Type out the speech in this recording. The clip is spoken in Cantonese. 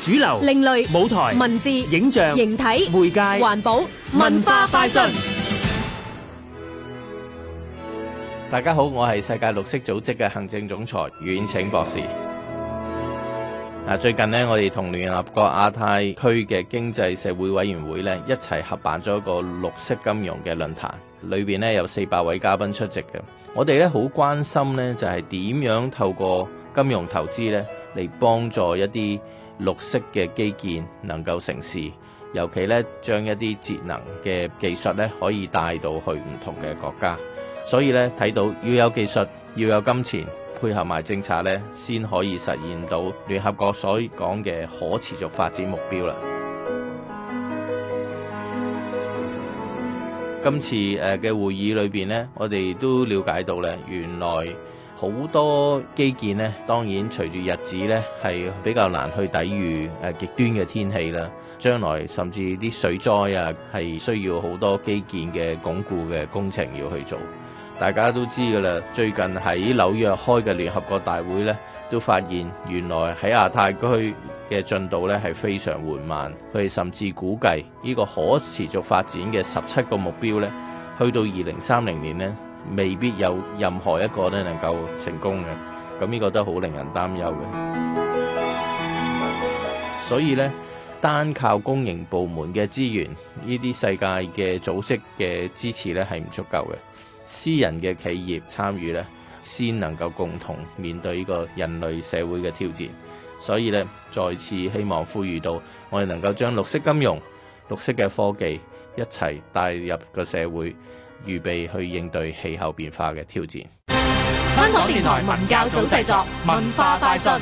主流、另類、舞台、文字、影像、形體、媒介、環保、文化、快訊。大家好，我係世界綠色組織嘅行政總裁余遠騁博士。嗱，最近咧，我哋同聯合國亞太區嘅經濟社會委員會咧一齊合辦咗一個綠色金融嘅論壇，裏邊咧有四百位嘉賓出席嘅。我哋咧好關心咧就係點樣透過金融投資咧嚟幫助一啲。綠色嘅基建能夠成事，尤其咧將一啲節能嘅技術咧可以帶到去唔同嘅國家，所以咧睇到要有技術，要有金錢配合埋政策咧，先可以實現到聯合國所講嘅可持續發展目標啦。 今次誒嘅會議裏邊咧，我哋都了解到咧，原來。好多基建呢，當然隨住日子呢，係比較難去抵御誒極端嘅天氣啦。將來甚至啲水災啊，係需要好多基建嘅鞏固嘅工程要去做。大家都知㗎啦，最近喺紐約開嘅聯合國大會呢，都發現原來喺亞太區嘅進度呢，係非常緩慢。佢哋甚至估計呢個可持續發展嘅十七個目標呢，去到二零三零年呢，未必有任何一個咧能夠成功嘅，咁呢個都好令人擔憂嘅。所以呢，單靠公營部門嘅資源，呢啲世界嘅組織嘅支持，呢係唔足夠嘅。私人嘅企業參與，呢先能夠共同面對呢個人類社會嘅挑戰。所以呢，再次希望呼籲到，我哋能夠將綠色金融、綠色嘅科技一齊帶入個社會。預備去應對氣候變化嘅挑戰。香港電台文教組製作文化快訊。